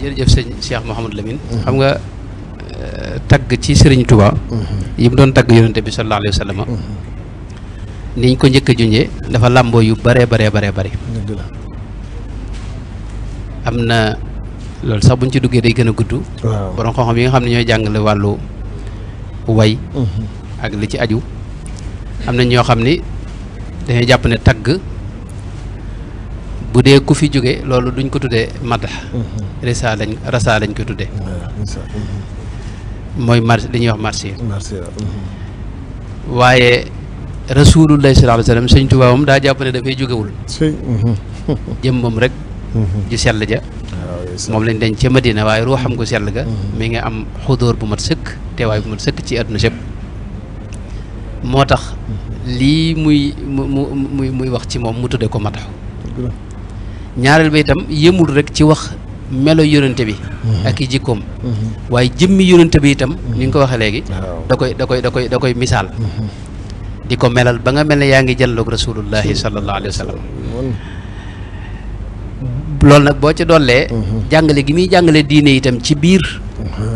jërëjëf sëñ Cheikh Mouhamadou Lamine xam nga euh, tagg ci Serigne Touba. Mm-hmm. yi mu doon tagg yonente bi sallallahu alayhi wa sallam mm-hmm. niñ ko njëkk a junjee dafa làmboo yu bare bare bare bare am na loolu sax buñ ci duggee day gën a gudd borom xam-xam yi nga xam ne ñooy jàngale wàllu way mm-hmm. ak li ci aju am na ñoo xam ni dañuy jàpp ne tagg bu dee ku fi jóge loolu duñ ko tuddee madax mhm. rasa lañ rasa lañ ko tuddee mhm. mooy mar li ñuy wax marsiya mhm. waaye rasulullah sallallahu alayhi wasallam sëñ Tuubaa daa jàpp ne dafay jógewul jëm moom rek ju sell ja ah, moom lañ denc ca Madina waaye ruu xam ko sell ga mi ngi am xudóor bu mat sëkk teewaay bu mat sëkk ci àdduna sépp moo tax lii muy mu muy muy wax ci moom mu tuddee ko mataxu ñaareel ba itam yëmul rek ci wax melo yonente bi mhm. ak i jikkoom mhm. waaye jëmmi yonente bi itam ni ngi ko waxee léegi da koy da koy da koy da koy misaal mhm. di ko melal ba nga mel ne yaa ngi jàlloog rasulullahi sallallahu alayhi wa sallam loolu nag boo ci dollee jàngale gi muy jàngale diine itam ci biir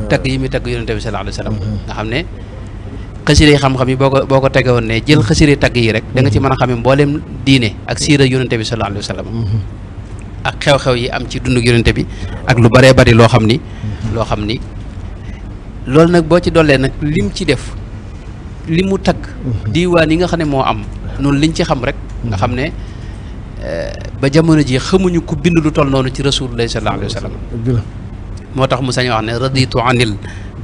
tagg yi muy tagg yonente bi sallallahu alayhi wa sallam nga xam ne xasiré xam-xam yi boo ko boo ko tege woon ne jël xasiré tagg yi rek da nga ci mën a xamee mbooleem diine ak siira yonente bi sallallahu alayhi wa ak xew-xew yi am ci dundu yonente bi ak lu baree bari loo xam ni mhm. loo xam ni loolu nag boo ci dollee nag lim ci def li mu takk mhm. diiwaan yi nga xam ne moo am noonu liñ ci xam rek nga xam ne eh, ba jamono ji xamuñu ku bind lu toll noonu ci rasulullah sallallahu alayhi wa moo tax mu sañ wax ne raditu anil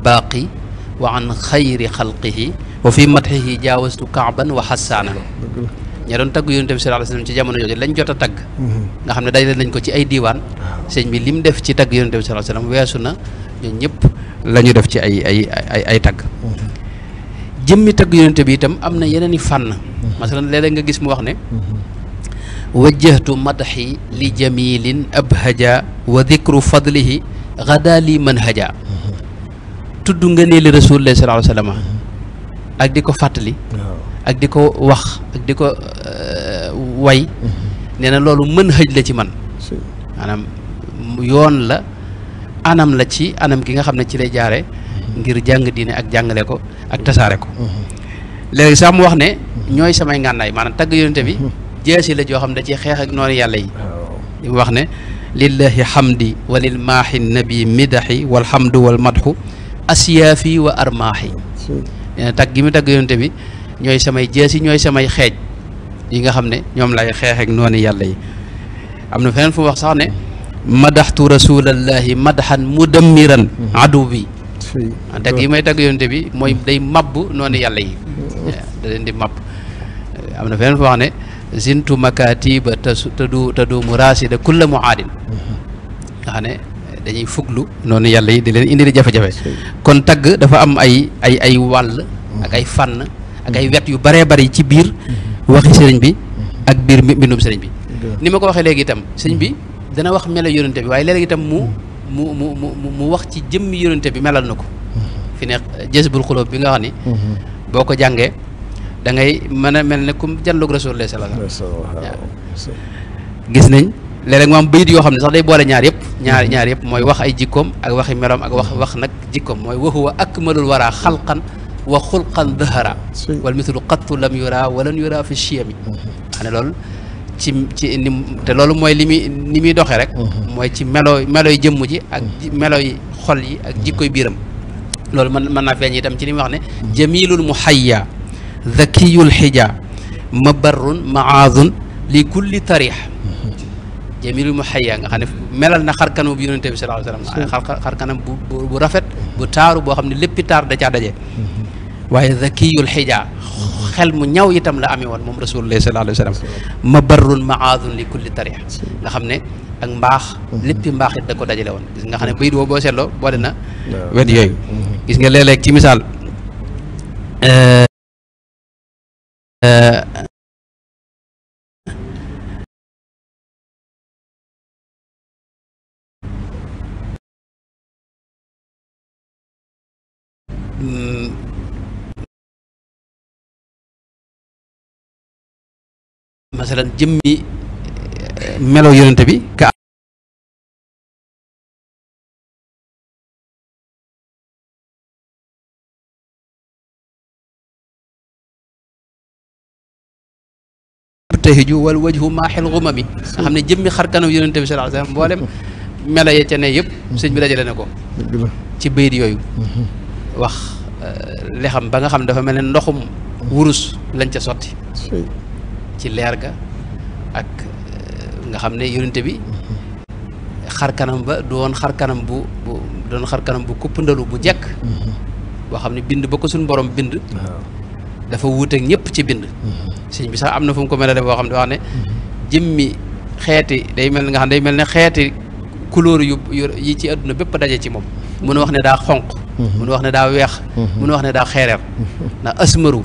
baaqi wa an xayri xalqihi wa fi madhihi jaawastu kaaban wa xassaana ña doon tagg yonent bi sallallahu alayhi wasallam ci jamono jooju lañ jot a tagg mhm. nga xam ne dajale nañ ko ci ay diwaan sëñ bi li mu def ci tagg yonent bi sallallahu alayhi wasallam weesu na ñoom ñëpp la def ci ay ay ay ay tagg mhm. jëmmi tagg yonent bi itam am na yeneen i fànn mhm. masalan léeg-léeg nga gis mu wax ne wajjahtu madaxi li jamilin abhaja wa dikru fadlihi gada li manhaja tudd nga nee li rasulullah sallallahu alayhi wasallam ak di ko fàttali ak di ko wax ak di ko euh, way mm-hmm. nee na loolu mën xëj la ci man maanaam yoon la anam la ci anam gi nga xam ne ci lay jaare mm-hmm. ngir jàng diine ak jàngale ko ak tasaare ko mm-hmm. léegi sax mu wax ne ñooy samay ngànnaay maanaam tagg yonente bi jeesi la joo xam ne da ci xeex ak noonu yàlla yi oh. wax ne lillahi hamdi wa lil maahi nabi midahi walhamdu wal madhu asiyaafi wa armaahi nee na tagg gi mu tagg yonente bi ñooy samay jees yi ñooy samay xeej yi nga xam ne ñoom lay xeex ak noonu yàlla yi am na feneen fu wax sax ne madaxtu rasulallahi madaxan mudammiran adu bi tagg yi may tagg yonte bi mooy hmm. day màbb noonu yàlla yi hmm. da leen di mabb am na feneen fu wax ne zintu makatiba tadu taduumu raasida kulla muaadin hmm. nga xam ne dañuy fuglu noonu yàlla yi di leen indi di jafe-jafe kon tagg dafa am ay ay ay wàll ak ay fànn ak ay wet yu baree bari ci biir mhm. waxi sëriñ bi mhm. ak biir mbindum sëriñ bi ni ma ko waxee léegi itam sëriñ bi mhm. dana wax melo yonente bi waaye léegi itam mu mu mu mu mu wax ci jëmmi yonente bi melal na ko ne jazbul xulóob bi nga xam ne comme janloog rasulullah sallallahu alayhi wasallam gis nañ léeg-léeg moom bayit yoo xam ne sax day boole ñaar yëpp ñaar ñaar yëpp mooy wax ay jikkoom ak waxi meloom ak wax wax nag jikkoom mooy waxuwa akmalul wara xalqan wa xulqan dëhara wal mithlu qattu lam yura walan yura fi chiyami mhm. xam ne ci ci ni te loolu mooy li muy ni muy doxee rek mhm. mooy ci melo melo yi jëmm ji ak mhm. melo yi xol yi ak jikkoy biiram loolu mën mën naa feeñ itam ci li wax ne mu jamilul muhayya ma xija mabarrun maazun li kulli tarix jamilu mu xayya nga xam ne melal na xarkanam bu yonente bi sallallahu alayhi xarkanam bu bu rafet bu taaru boo xam ne lépp taar da daje waaye zakiyul xija xel mu ñaw yitam la amee woon moom rasulullah sallallahu alayhi wa ma barrun maadun li kulli tarix nga xam ne ak mbaax léppi mbaax it da ko dajalewoon woon gis nga xam ne bayit woo boo seetloo boole na wet yooyu gis nga léeg ci misaal masalan jëmmi eh, melo yonent bi ka tahiju wal wajhu maaxil xumami nga xam ne jëmmi xar kanam yonent bi sallallahu alayhi mboolem melo ya ca ne yëpp sëñ bi dajale na ko ci bayit yooyu wax eh, lexam ba nga xam dafa mel ne ndoxum wurus lañ ca sotti ci leer ga ak euh, nga xam ne yonente bi xar kanam ba du xar kanam bu bu doon xar kanam bu kuppandalu bu jekk mm-hmm. boo xam ne bind ba ko suñ borom bind dafa wuuteeg ñëpp ci bind mm-hmm. sëñ bi sax am na fu mu ko melale boo xam ne wax ne mm-hmm. jëmmi xeeti day mel nga xam day mel ne xeeti couleur yu yi ci àdduna bépp daje ci moom mun a wax ne daa xonq mun a wax ne daa weex mun a wax ne daa xeereer ndax asmaru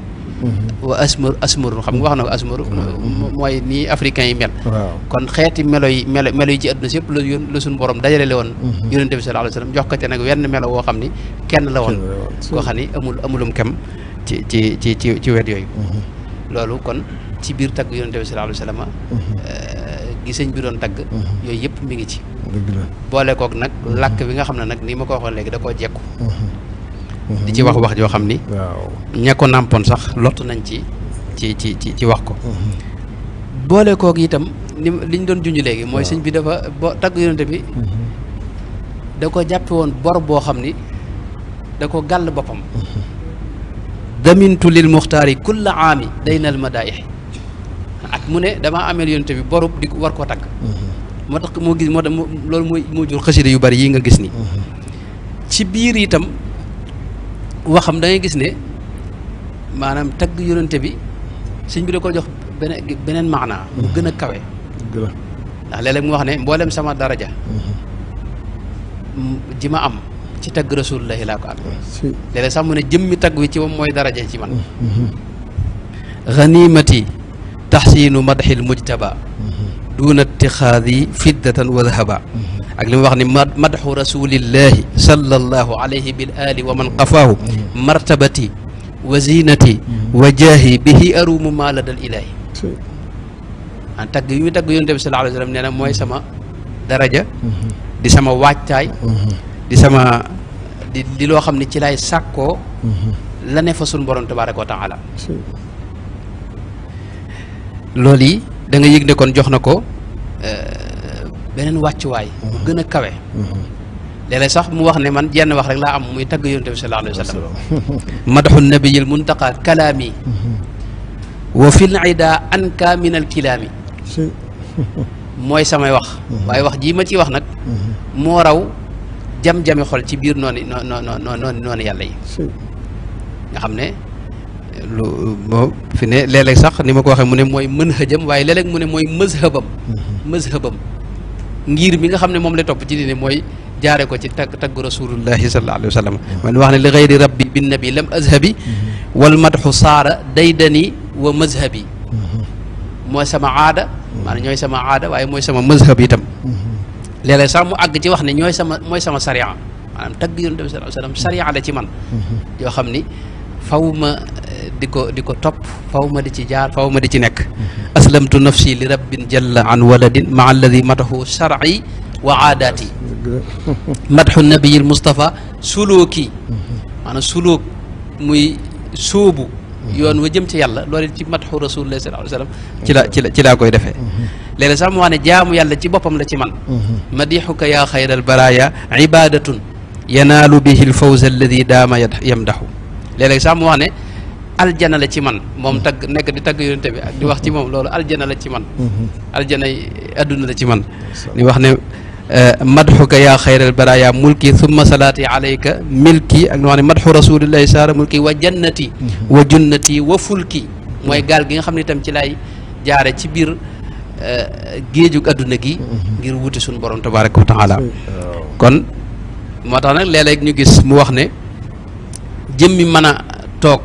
wa asmar asmaru xam nga wax na ko asmaru mm-hmm. mooy nii africain yi mel kon xeeti melo yi melo melo yi ci àdduna si yëpp la yoon la suñu borom dajale le woon mm-hmm. yonente bi sallallahu alayhi wasallam jox ko wenn melo woo xam ni kenn la woon koo xam ni amul amulum kem ci ci ci ci ci wet yooyu mm-hmm. loolu kon ci biir tagg yonente bi sallallahu alayhi wasallam eh, gi sëñ bi doon tagg yooyu yëpp mi ngi ci boole kook nag làkk bi nga xam ne nag ni ma ko waxoon léegi da koo jekku di ci wax wax joo xam ni. ña ko nàmpoon sax lott nañ ci ci ci ci ci wax ko. boole kook itam ni liñ doon junj léegi. mooy sëñ bi dafa bo tagg yonente bi. Mhm. da ko jàppe woon bor boo xam ni da ko gàll boppam. Mhm. damintu lil muxtaari kulla aami daynal madaayix ak mu ne damaa ameel yonente bi borub di war koo tagg. Mhm. moo tax moo gis moo tax loolu mooy moo jur xasida yu bari yi nga gis ni ci biir itam. waxam xam ngay gis ne maanaam tagg yonente bi sëñ bi da ko jox beneen beneen mu mhm. gën a kawe ndax léeg mu wax ne mboolem sama daraja mhm. ji ma am ci tagg rasulullahi laa ko am léeg-léeg sax ne jëmmi tagg wi ci moom mooy daraja ci man mhm. ganimati taxsiinu madxil mujtaba duuna ittixaadi fiddatan wa dahaba ak li mu wax ni madxu rasulillahi sallallahu alayhi bil ali wa man qafaahu hmm. martabati wa zinati hmm. wa jaahi bihi arumu maa ladal ilaahi ah, tagg yu ñu tagg yonent bi sallallahu alayhi wa sallam mooy sama daraja hmm. di sama waajtaay di sama di di loo xam ne ci lay sàkkoo la ne fa sun borom tabaaraka wa taala loolu yi da nga ne kon jox na ko eh, beneen wàccuwaay bu gën a kawe léeg-léeg sax mu wax ne man jenn wax rek laa am muy tagg yonent bi sallallahu alayhi wa sallam madaxu nabiyil muntaqa kalaami wa fil ida anka min al kilaami mooy samay wax waaye wax jii ma ciy wax nag moo raw jam-jami xol ci biir noonu noo noo noonu xam ne lu moo sax ni ma ko waxee mu ne mooy mën hëjam waaye léeg mu ne mooy mazhabam mm-hmm. mazhabam ngir mi nga xam ne moom la topp ci diine mooy jaare ko ci tagg tagg rasulullahi sallallahu alayhi wa sallam mm-hmm. man wax ne li xayri rabbi bin nabi lam azhabi mm-hmm. wal madxu saara daydani wa mazhabi mm-hmm. mooy sama aada maanaam ñooy sama aada waaye mooy sama mazhab itam léeg-léeg mu àgg ci wax ne ñooy sama mooy sama sariya maanaam tagg yonent bi sallallahu alayhi wa sariya la ci man yoo xam ni faw ma di ko di ko topp faw ma di ci jaar faw ma di ci nekk mhm. aslamtu nafsi li rabbin jalla an waladin ma alladi matahu shar'i wa aadaati matxu nabiyil mustafa sulooki mhm. maanaam muy sóobu mhm. yoon wa jëm ci yàlla loolu ci matxu rasulullah sallallahu alayhi wasallam ci la ci la laa koy defee léeg-léeg sax mu wax yàlla ci boppam la ci man madixuka yaa xayral baraya ibadatun yanaalu bihi l fawza alladi daama yamdaxu léeg-léeg aljana la ci man moom tag nekk di tagg yonente bi ak di wax ci moom loolu aljana la ci man mhm. aljana yi àdduna la ci man di wax ne eh, madxuka yaa xayral baraya mulki summa salaati alayka milki ak na wax ne madxu rasulillahi saara mulki wa jannati mhm. wa junnati wa fulki mooy mhm. gaal gi nga xam ne itam ci lay jaare ci biir eh, géejug àdduna gi ngir wuti suñu borom tabaraka wa taala kon moo tax nag léeg-léeg ñu gis mu wax ne jëmmi mën a toog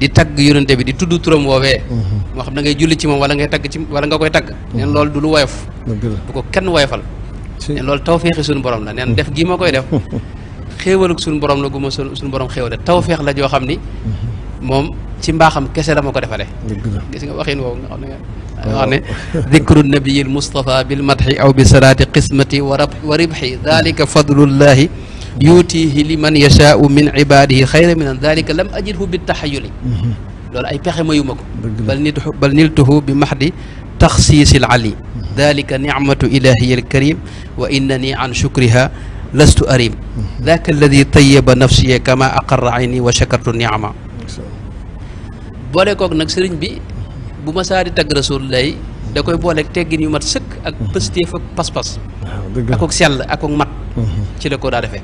di tagg yonente bi di tudd turam woowee mhm. moo xam da ngay julli ci moom wala ngay tagg ci wala nga koy tagg mhm. neen lool du lu woyof bu ko kenn woyofal neen loolu tawfeexi suñu borom la neen mhm. def gii ma koy def xéewaluk suñu borom la gu ma suñu borom xéewale tawfeex la joo xam ni moom ci mbaaxam kese la ma ko defalee gis nga waxin woowu nga xam ne nga wax ne dicru bi mustafa bil madhi aw bi salaati qismati wa ribxi dalika fadlullahi yuutihi li man yashaau min ibaadihi xayra min dalika lam ajidhu bi taxayuli mhm. loolu ay pexe mayuma ko bal nit bal niltuhu bi maxdi taxsiisil ali mhm. dalika nicmatu ilahiya alkarim wa innani an shukriha lastu arim daka mhm. alladi tayaba nafsiya kama aqarra ayni wa shakartu nicma boole kook nag sëriñ bi bu ma saa di tagg rasulullah da koy booleeg teggin yu mat sëkk ak pëstéef ak pas-pas akook sell akook mat ci la ko daa defee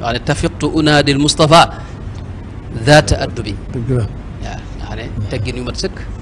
wax ne tafiqtu unaadil Moustapha zaata addubi waaw nga xam ne teggin yu mat sëkk